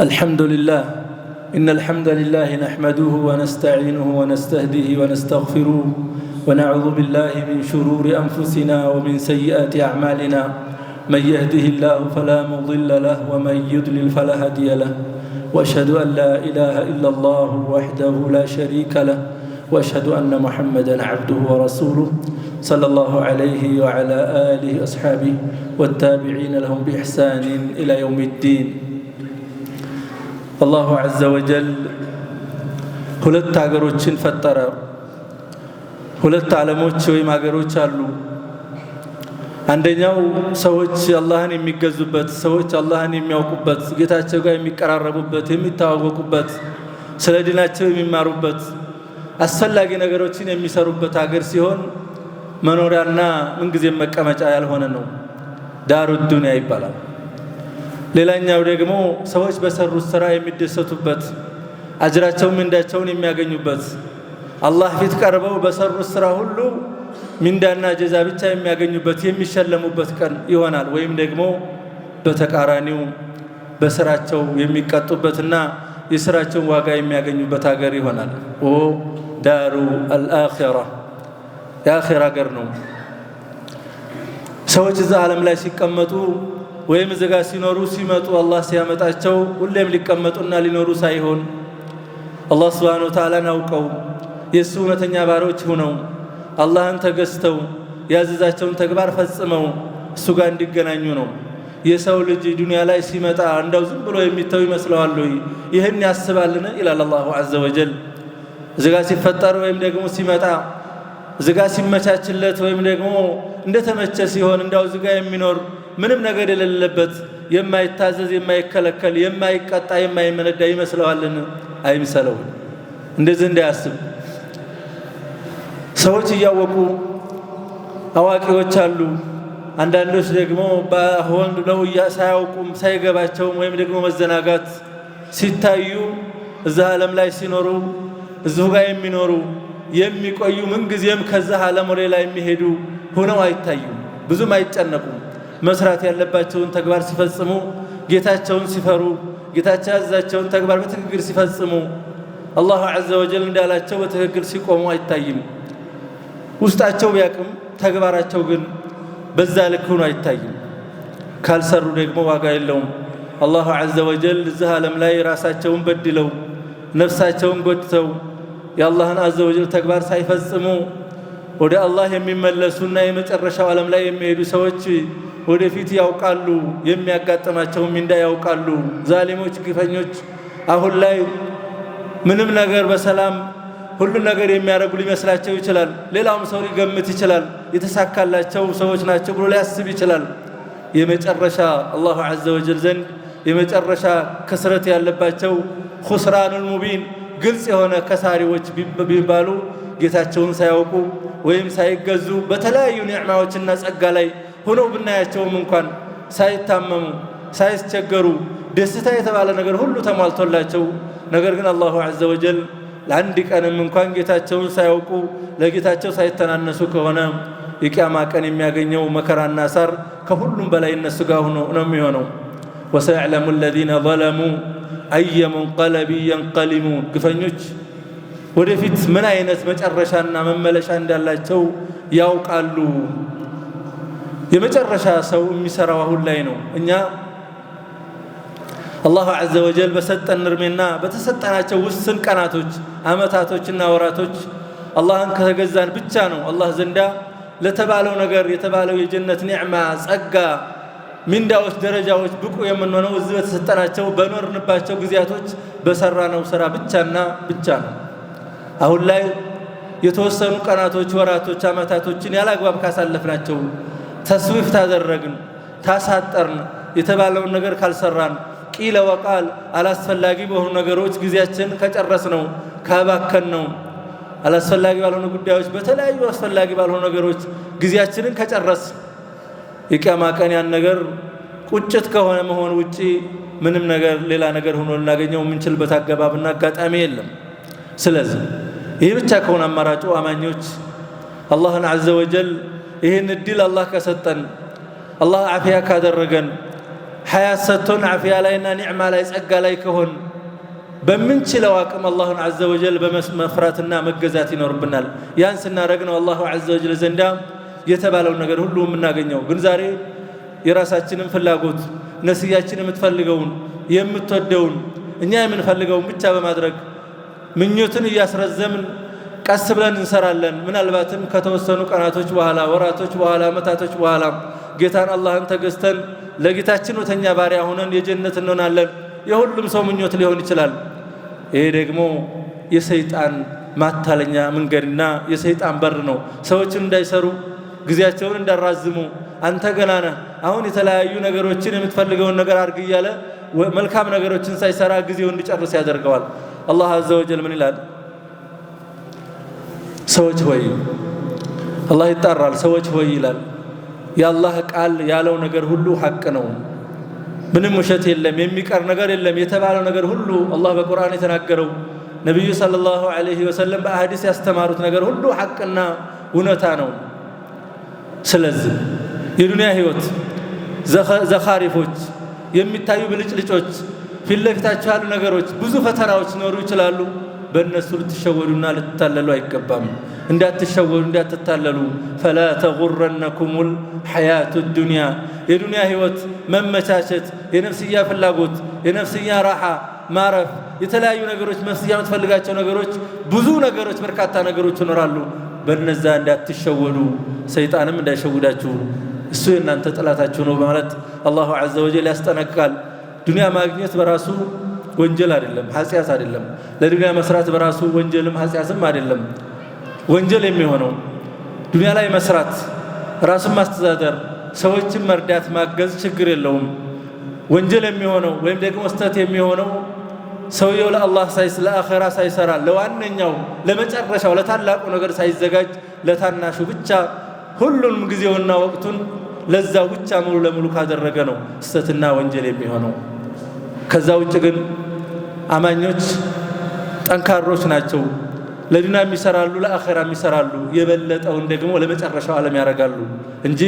الحمد لله إن الحمد لله نحمده ونستعينه ونستهديه ونستغفره ونعوذ بالله من شرور أنفسنا ومن سيئات أعمالنا من يهده الله فلا مضل له ومن يضلل فلا هادي له واشهد ان لا اله الا الله وحده لا شريك له واشهد ان محمدا عبده ورسوله صلى الله عليه وعلى اله واصحابه والتابعين لهم باحسان الى يوم الدين አላሁ ዐዘ ወጀል ሁለት ሀገሮችን ፈጠረ። ሁለት ዓለሞች ወይም ሀገሮች አሉ። አንደኛው ሰዎች አላህን የሚገዙበት፣ ሰዎች አላህን የሚያውቁበት፣ ጌታቸው ጋር የሚቀራረቡበት፣ የሚተዋወቁበት፣ ስለ ዲናቸው የሚማሩበት፣ አስፈላጊ ነገሮችን የሚሰሩበት ሀገር ሲሆን መኖሪያና ምንጊዜም መቀመጫ ያልሆነ ነው። ዳሩ ዱንያ ይባላል። ሌላኛው ደግሞ ሰዎች በሰሩት ስራ የሚደሰቱበት አጅራቸው ምንዳቸውን የሚያገኙበት አላህ ፊት ቀርበው በሰሩት ስራ ሁሉ ሚንዳና ጀዛ ብቻ የሚያገኙበት የሚሸለሙበት ቀን ይሆናል። ወይም ደግሞ በተቃራኒው በስራቸው የሚቀጡበትና የስራቸውን ዋጋ የሚያገኙበት ሀገር ይሆናል። ኦ ዳሩ አልአኺራ የአኺራ ሀገር ነው። ሰዎች እዛ ዓለም ላይ ሲቀመጡ ወይም እዚጋ ሲኖሩ ሲመጡ አላህ ሲያመጣቸው ሁሌም ሊቀመጡና ሊኖሩ ሳይሆን አላህ ስብሓነ ወተዓላን አውቀው የእሱ እውነተኛ ባሮች ሁነው አላህን ተገዝተው ያዘዛቸውን ተግባር ፈጽመው እሱ ጋር እንዲገናኙ ነው። የሰው ልጅ ዱንያ ላይ ሲመጣ እንደው ዝም ብሎ የሚተው ይመስለዋል ወይ? ይህን ያስባልን? ይላል አላሁ ዐዘ ወጀል። እዚጋ ሲፈጠር ወይም ደግሞ ሲመጣ እዚጋ ሲመቻችለት ወይም ደግሞ እንደተመቸ ሲሆን እንዳው እዚጋ የሚኖር ምንም ነገር የሌለበት የማይታዘዝ የማይከለከል የማይቀጣ የማይመነዳ ይመስለዋልን? አይምሰለው። እንደዚህ እንዳያስብ። ሰዎች እያወቁ አዋቂዎች አሉ። አንዳንዶች ደግሞ ሆን ብለው ሳያውቁም ሳይገባቸውም ወይም ደግሞ መዘናጋት ሲታዩ እዛ ዓለም ላይ ሲኖሩ እዚሁ ጋር የሚኖሩ የሚቆዩ ምንጊዜም ከዛ ዓለም ወደ ሌላ የሚሄዱ ሆነው አይታዩም። ብዙም አይጨነቁም። መስራት ያለባቸውን ተግባር ሲፈጽሙ፣ ጌታቸውን ሲፈሩ፣ ጌታቸው ያዘዛቸውን ተግባር በትክክል ሲፈጽሙ፣ አላሁ ዐዘ ወጀል እንዳላቸው በትክክል ሲቆሙ አይታይም። ውስጣቸው ቢያቅም ተግባራቸው ግን በዛ ልክ ሆኖ አይታይም። ካልሰሩ ደግሞ ዋጋ የለውም። አላሁ ዐዘ ወጀል እዚህ ዓለም ላይ ራሳቸውን በድለው ነፍሳቸውን ጎድተው የአላህን ዐዘ ወጀል ተግባር ሳይፈጽሙ ወደ አላህ የሚመለሱና የመጨረሻው ዓለም ላይ የሚሄዱ ሰዎች ወደፊት ያውቃሉ፣ የሚያጋጥማቸውን ምንዳ ያውቃሉ። ዛሊሞች፣ ግፈኞች አሁን ላይ ምንም ነገር በሰላም ሁሉን ነገር የሚያደርጉ ሊመስላቸው ይችላል። ሌላውም ሰው ሊገምት ይችላል። የተሳካላቸው ሰዎች ናቸው ብሎ ሊያስብ ይችላል። የመጨረሻ አላሁ ዐዘ ወጀል ዘንድ የመጨረሻ ክስረት ያለባቸው ኹስራኑል ሙቢን ግልጽ የሆነ ከሳሪዎች ቢባሉ ጌታቸውን ሳያውቁ ወይም ሳይገዙ በተለያዩ ኒዕማዎችና ጸጋ ላይ ሆነው ብናያቸውም እንኳን ሳይታመሙ ሳይስቸገሩ ደስታ የተባለ ነገር ሁሉ ተሟልቶላቸው ነገር ግን አላሁ ዐዘ ወጀል ለአንድ ቀንም እንኳን ጌታቸውን ሳያውቁ ለጌታቸው ሳይተናነሱ ከሆነ የቅያማ ቀን የሚያገኘው መከራና ሳር ከሁሉም በላይ እነሱ ጋር ሆኖ ነው የሚሆነው። ወሰያዕለሙ ለዚነ ዘለሙ አየ ሙንቀለቢ የንቀሊሙን ግፈኞች ወደፊት ምን አይነት መጨረሻና መመለሻ እንዳላቸው ያውቃሉ። የመጨረሻ ሰው የሚሰራው አሁን ላይ ነው። እኛ አላሁ ዐዘ ወጀል በሰጠን እድሜና በተሰጠናቸው ውስን ቀናቶች፣ አመታቶችና ወራቶች አላህን ከተገዛን ብቻ ነው አላህ ዘንዳ ለተባለው ነገር የተባለው የጀነት ኒዕማ፣ ጸጋ፣ ሚንዳዎች፣ ደረጃዎች ብቁ የምንሆነው እዚህ በተሰጠናቸው በኖርንባቸው ጊዜያቶች በሰራነው ስራ ብቻና ብቻ ነው። አሁን ላይ የተወሰኑ ቀናቶች፣ ወራቶች፣ አመታቶችን ያላግባብ ካሳለፍናቸው ተስዊፍ ታደረግን፣ ታሳጠርን፣ የተባለውን ነገር ካልሰራን ቂለ ወቃል አላስፈላጊ በሆኑ ነገሮች ጊዜያችን ከጨረስ ነው ካባከን ነው አላስፈላጊ ባልሆኑ ጉዳዮች በተለያዩ አስፈላጊ ባልሆኑ ነገሮች ጊዜያችንን ከጨረስ የቂያማ ቀን ያን ነገር ቁጭት ከሆነ መሆን ውጪ ምንም ነገር ሌላ ነገር ሆኖ ልናገኘው የምንችልበት አገባብና አጋጣሚ የለም። ስለዚህ ይህ ብቻ ከሆነ አማራጩ አማኞች አላህን ዐዘ ወጀል ይህን እድል አላህ ከሰጠን አላህ ዓፍያ ካደረገን ሐያት ሰጥቶን ዓፍያ ላይና ኒዕማ ላይ ጸጋ ላይ ከሆን በምንችለው አቅም አላሁን ዐዘ ወጀል በመፍራትና መገዛት ይኖርብናል። ያን ስናደረግ ነው አላሁ ዐዘ ወጀል ዘንዳ የተባለውን ነገር ሁሉ የምናገኘው። ግን ዛሬ የራሳችንን ፍላጎት ነስያችን የምትፈልገውን የምትወደውን እኛ የምንፈልገውን ብቻ በማድረግ ምኞትን እያስረዘምን ቀስ ብለን እንሰራለን። ምናልባትም ከተወሰኑ ቀናቶች በኋላ፣ ወራቶች በኋላ፣ መታቶች በኋላ ጌታን አላህን ተገዝተን ለጌታችን ወተኛ ባሪያ ሆነን የጀነት እንሆናለን። የሁሉም ሰው ምኞት ሊሆን ይችላል። ይሄ ደግሞ የሰይጣን ማታለኛ መንገድና የሰይጣን በር ነው። ሰዎችን እንዳይሰሩ፣ ጊዜያቸውን እንዳራዝሙ አንተ ገና ነህ አሁን የተለያዩ ነገሮችን የምትፈልገውን ነገር አድርግ እያለ መልካም ነገሮችን ሳይሰራ ጊዜውን እንዲጨርስ ያደርገዋል። አላህ አዘ ወጀል ምን ይላል? ሰዎች ሆይ አላህ ይጣራል። ሰዎች ሆይ ይላል። የአላህ ቃል ያለው ነገር ሁሉ ሐቅ ነው። ምንም ውሸት የለም፣ የሚቀር ነገር የለም። የተባለው ነገር ሁሉ አላህ በቁርአን የተናገረው ነቢዩ ሰለላሁ ዐለይሂ ወሰለም በአህዲስ ያስተማሩት ነገር ሁሉ ሐቅና እውነታ ነው። ስለዚህ የዱንያ ህይወት ዘኻሪፎች፣ የሚታዩ ብልጭልጮች፣ ፊትለፊታቸው ያሉ ነገሮች ብዙ ፈተናዎች ሊኖሩ ይችላሉ። በእነሱ ልትሸወዱና ልትታለሉ አይገባም። እንዳትሸወዱ እንዳትታለሉ። ፈላ ተጉረነኩሙል ልሐያቱ ዱንያ የዱንያ ህይወት መመቻቸት፣ የነፍስያ ፍላጎት፣ የነፍስያ ራሓ ማረፍ፣ የተለያዩ ነገሮች መፍስያ የምትፈልጋቸው ነገሮች ብዙ ነገሮች፣ በርካታ ነገሮች ይኖራሉ። በነዛ እንዳትሸወዱ፣ ሰይጣንም እንዳይሸውዳችሁ እሱ የእናንተ ጠላታችሁ ነው በማለት አላሁ ዐዘ ወጀል ያስጠነቅቃል። ዱንያ ማግኘት በራሱ ወንጀል አይደለም፣ ኃጢአት አይደለም። ለድንጋይ መስራት በራሱ ወንጀልም ኃጢአትም አይደለም። ወንጀል የሚሆነው ዱንያ ላይ መስራት፣ ራስን ማስተዳደር፣ ሰዎችን መርዳት፣ ማገዝ ችግር የለውም። ወንጀል የሚሆነው ወይም ደግሞ ስተት የሚሆነው ሰውየው ለአላህ ለአኸራ ሳይሰራ ለዋነኛው ለመጨረሻው ለታላቁ ነገር ሳይዘጋጅ ለታናሹ ብቻ ሁሉንም ጊዜውና ወቅቱን ለዛ ብቻ ሙሉ ለሙሉ ካደረገ ነው ስተትና ወንጀል የሚሆነው። ከዛ ውጭ ግን አማኞች ጠንካሮች ናቸው። ለዱንያም ይሰራሉ፣ ለአኼራም ይሰራሉ። የበለጠውን ደግሞ ለመጨረሻው ዓለም ያደርጋሉ እንጂ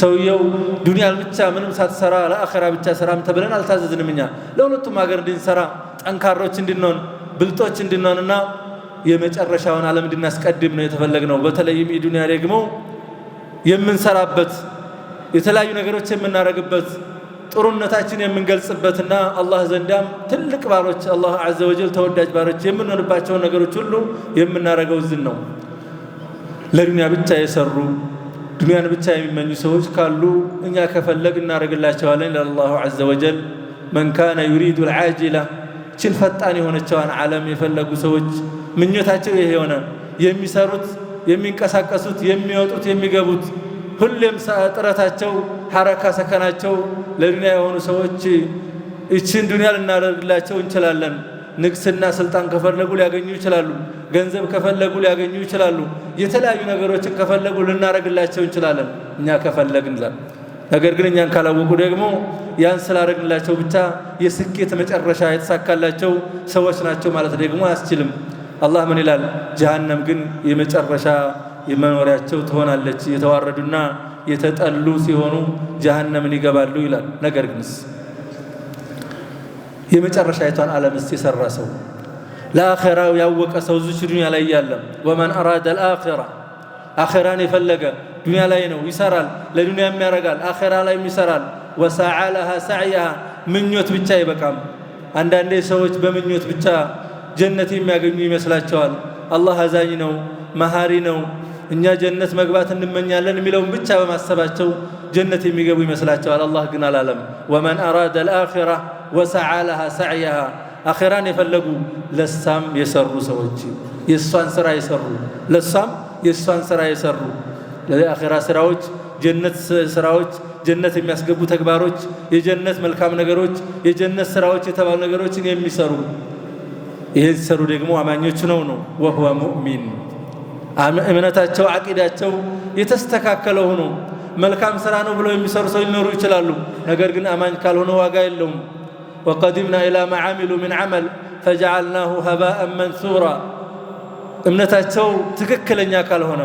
ሰውየው ዱንያን ብቻ ምንም ሳትሰራ ለአኼራ ብቻ ሰራም ተብለን አልታዘዝንም። እኛ ለሁለቱም ሀገር እንድንሰራ ጠንካሮች እንድንሆን ብልጦች እንድንሆንና የመጨረሻውን ዓለም እንድናስቀድም ነው የተፈለግነው። በተለይም የዱንያ ደግሞ የምንሰራበት የተለያዩ ነገሮች የምናደርግበት ጥሩነታችን የምንገልጽበትና አላህ ዘንዳም ትልቅ ባሮች አላህ ዐዘ ወጀል ተወዳጅ ባሮች የምንሆንባቸውን ነገሮች ሁሉ የምናደርገው ዝን ነው። ለዱንያ ብቻ የሰሩ ዱንያን ብቻ የሚመኙ ሰዎች ካሉ እኛ ከፈለግ እናደርግላቸዋለን ለአላሁ አላሁ ዐዘ ወጀል። መን ካነ ዩሪዱ ልዓጅላ ችን ፈጣን የሆነችዋን ዓለም የፈለጉ ሰዎች ምኞታቸው ይሄ የሆነ የሚሰሩት፣ የሚንቀሳቀሱት፣ የሚወጡት፣ የሚገቡት ሁሌም ጥረታቸው ሐረካ ሰከናቸው ለዱንያ የሆኑ ሰዎች እችን ዱንያ ልናደርግላቸው እንችላለን። ንግስና፣ ስልጣን ከፈለጉ ሊያገኙ ይችላሉ። ገንዘብ ከፈለጉ ሊያገኙ ይችላሉ። የተለያዩ ነገሮችን ከፈለጉ ልናደርግላቸው እንችላለን እኛ ከፈለግን። ነገር ግን እኛን ካላወቁ ደግሞ ያን ስላደረግንላቸው ብቻ የስኬት መጨረሻ የተሳካላቸው ሰዎች ናቸው ማለት ደግሞ አያስችልም። አላህ ምን ይላል? ጀሃነም ግን የመጨረሻ የመኖሪያቸው ትሆናለች የተዋረዱና የተጠሉ ሲሆኑ ጀሀነምን ይገባሉ ይላል። ነገር ግንስ የመጨረሻይቷን ዓለምስ የሰራ ሰው ለአኼራው ያወቀ ሰው ዙች ዱንያ ላይ ያለ ወመን አራደ ልአኼራ አኼራን የፈለገ ዱንያ ላይ ነው ይሰራል፣ ለዱንያም ያረጋል፣ አኼራ ላይም ይሰራል። ወሳዓ ለሃ ሳዕያሃ ምኞት ብቻ አይበቃም። አንዳንዴ ሰዎች በምኞት ብቻ ጀነት የሚያገኙ ይመስላቸዋል። አላህ አዛኝ ነው፣ መሃሪ ነው እኛ ጀነት መግባት እንመኛለን የሚለውን ብቻ በማሰባቸው ጀነት የሚገቡ ይመስላቸዋል። አላህ ግን አላለም። ወመን አራደ ልአኺራ ወሰዓ ለሃ ሰዕያሃ አኼራን የፈለጉ ለሳም የሰሩ ሰዎች የእሷን ስራ የሰሩ ለሷም የእሷን ስራ የሰሩ የአኼራ ስራዎች፣ ጀነት ስራዎች፣ ጀነት የሚያስገቡ ተግባሮች፣ የጀነት መልካም ነገሮች፣ የጀነት ስራዎች የተባሉ ነገሮችን የሚሰሩ ይሄ ሲሰሩ ደግሞ አማኞች ነው ነው ወህወ ሙእሚን እምነታቸው አቂዳቸው የተስተካከለ ሆኖ መልካም ስራ ነው ብለው የሚሰሩ ሰው ሊኖሩ ይችላሉ። ነገር ግን አማኝ ካልሆነ ዋጋ የለውም። ወቀዲምና ኢላ ማ ዓሚሉ ምን ዓመል ፈጀዓልናሁ ሀባአን መንሱራ። እምነታቸው ትክክለኛ ካልሆነ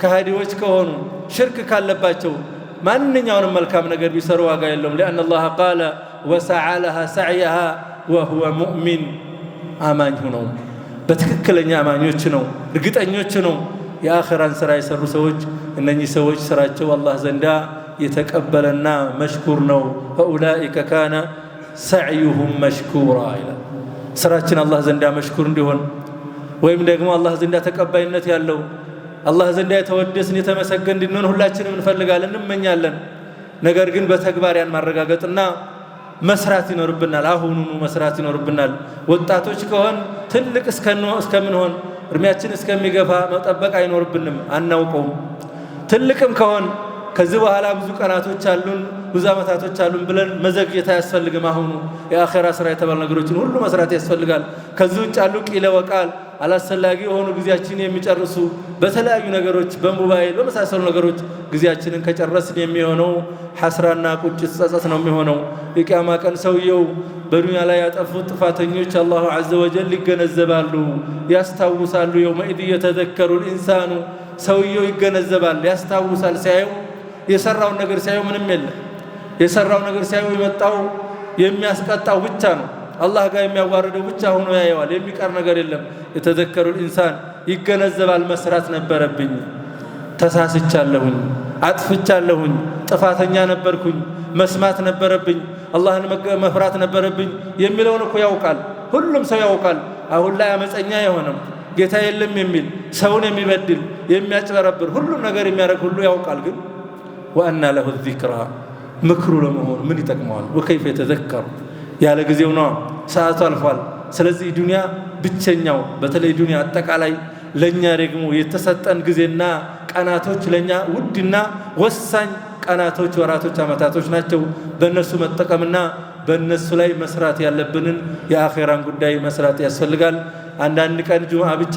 ከሃዲዎች ከሆኑ ሽርክ ካለባቸው ማንኛውንም መልካም ነገር ቢሰሩ ዋጋ የለውም። ሊአን አላህ ቃለ ወሰዓ ለሃ ሰዕያሃ ወሁወ ሙእሚን አማኝ ሁነው በትክክለኛ አማኞች ነው፣ እርግጠኞች ነው። የአኸራን ሥራ የሠሩ ሰዎች እነኚህ ሰዎች ሥራቸው አላህ ዘንዳ የተቀበለና መሽኩር ነው። ፈኡላኢከ ካነ ሰዕዩሁም መሽኩራ ይላል። ሥራችን አላህ ዘንዳ መሽኩር እንዲሆን ወይም ደግሞ አላህ ዘንዳ ተቀባይነት ያለው አላህ ዘንዳ የተወደስን የተመሰገን እንድንሆን ሁላችንም እንፈልጋለን፣ እንመኛለን። ነገር ግን በተግባር ያን ማረጋገጥና መስራት ይኖርብናል። አሁኑኑ መስራት ይኖርብናል። ወጣቶች ከሆን ትልቅ እስከምንሆን እድሜያችን እስከሚገፋ መጠበቅ አይኖርብንም፣ አናውቀውም። ትልቅም ከሆን ከዚህ በኋላ ብዙ ቀናቶች አሉን፣ ብዙ ዓመታቶች አሉን ብለን መዘግየት አያስፈልግም። አሁኑ የአኼራ ስራ የተባሉ ነገሮችን ሁሉ መስራት ያስፈልጋል። ከዚህ ውጭ አሉ ቂለ ወቃል አላስፈላጊ የሆኑ ጊዜያችን የሚጨርሱ በተለያዩ ነገሮች በሞባይል በመሳሰሉ ነገሮች ጊዜያችንን ከጨረስን የሚሆነው ሐስራና ቁጭት ጸጸት ነው የሚሆነው። የቅያማ ቀን ሰውየው በዱንያ ላይ ያጠፉት ጥፋተኞች አላሁ ዐዘ ወጀል ይገነዘባሉ፣ ያስታውሳሉ። የውመኢድ የተዘከሩ ልኢንሳኑ ሰውየው ይገነዘባል፣ ያስታውሳል። ሲያየው የሰራውን ነገር ሲያየው ምንም የለም። የሰራው ነገር ሲያየው የመጣው የሚያስቀጣው ብቻ ነው። አላህ ጋር የሚያዋርደው ብቻ ሆኖ ያየዋል። የሚቀር ነገር የለም። የተዘከሩል ኢንሳን ይገነዘባል። መስራት ነበረብኝ፣ ተሳስቻለሁኝ፣ አጥፍቻለሁኝ፣ ጥፋተኛ ነበርኩኝ፣ መስማት ነበረብኝ፣ አላህን መፍራት ነበረብኝ የሚለውን እኮ ያውቃል። ሁሉም ሰው ያውቃል። አሁን ላይ አመፀኛ የሆነም ጌታ የለም የሚል ሰውን የሚበድል የሚያጭበረብር ሁሉም ነገር የሚያደርግ ሁሉ ያውቃል። ግን ወአና ለሁ ዚክራ ምክሩ ለመሆኑ ምን ይጠቅመዋል? ወከይፈ የተዘከሩ ያለ ጊዜው ነው፣ ሰዓቱ አልፏል። ስለዚህ ዱንያ ብቸኛው በተለይ ዱንያ አጠቃላይ ለእኛ ደግሞ የተሰጠን ጊዜና ቀናቶች ለእኛ ውድና ወሳኝ ቀናቶች፣ ወራቶች፣ ዓመታቶች ናቸው። በእነሱ መጠቀምና በእነሱ ላይ መስራት ያለብንን የአኼራን ጉዳይ መስራት ያስፈልጋል። አንዳንድ ቀን ጁምዓ ብቻ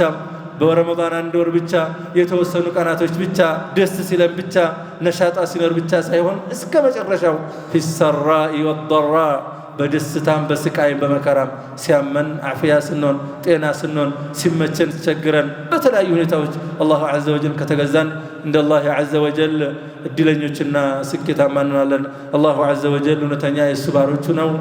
በረመዳን አንድ ወር ብቻ የተወሰኑ ቀናቶች ብቻ ደስ ሲለን ብቻ ነሻጣ ሲኖር ብቻ ሳይሆን እስከ መጨረሻው ፊሰራኢ ወደራ በደስታም በስቃይም በመከራም ሲያመን አፍያ ስንሆን ጤና ስንሆን ሲመቸን ሲቸግረን በተለያዩ ሁኔታዎች አላሁ ዐዘ ወጀል ከተገዛን እንደ አላህ ዐዘ ወጀል እድለኞችና ስኬታማ እንሆናለን። አላሁ ዐዘ ወጀል እውነተኛ የእሱ ባሮቹ ነው።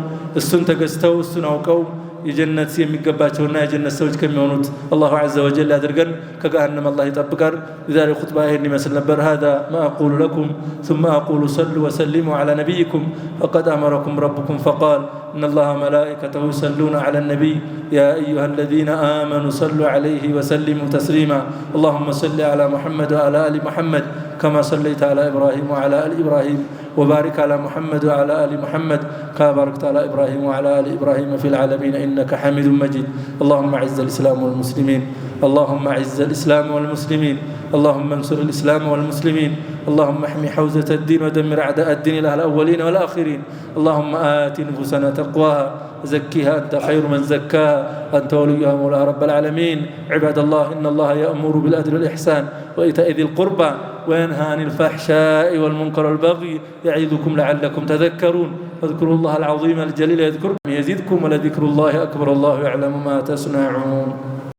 እሱን ተገዝተው እሱን አውቀው سيم የጀነት የሚገባቸውና የጀነት ሰዎች ከሚሆኑት አላሁ አዘ ወጀል ያድርገን። ከገሃነም አላህ ይጠብቀን። የዛሬ ኹጥባ ይህን ይመስል ነበር። هذا ما أقول لكم ثم أقول صلوا وسلموا على نبيكم فقد أمركم ربكم فقال إن الله ملائكته يصلون على النبي يا أيها الذين آمنوا صلوا عليه وسلموا تسليما اللهم صل على محمد وعلى آل محمد كما صليت على إبراهيم وعلى آل إبراهيم وبارك على محمد وعلى آل محمد كما باركت على إبراهيم وعلى آل إبراهيم في العالمين إنك حميد مجيد اللهم أعز الإسلام والمسلمين اللهم أعز الإسلام والمسلمين اللهم انصر الإسلام والمسلمين اللهم احمي حوزة الدين ودمر أعداء الدين الأهل الأولين والآخرين اللهم آت نفوسنا تقواها زكها أنت خير من زكاها أنت وليها مولاها رب العالمين عباد الله إن الله يأمر بالأدل والإحسان وإيتاء ذي القربى وينهى عن الفحشاء والمنكر والبغي يعظكم لعلكم تذكرون فاذكروا الله العظيم الجليل يذكركم يزدكم ولذكر الله أكبر الله يعلم ما تصنعون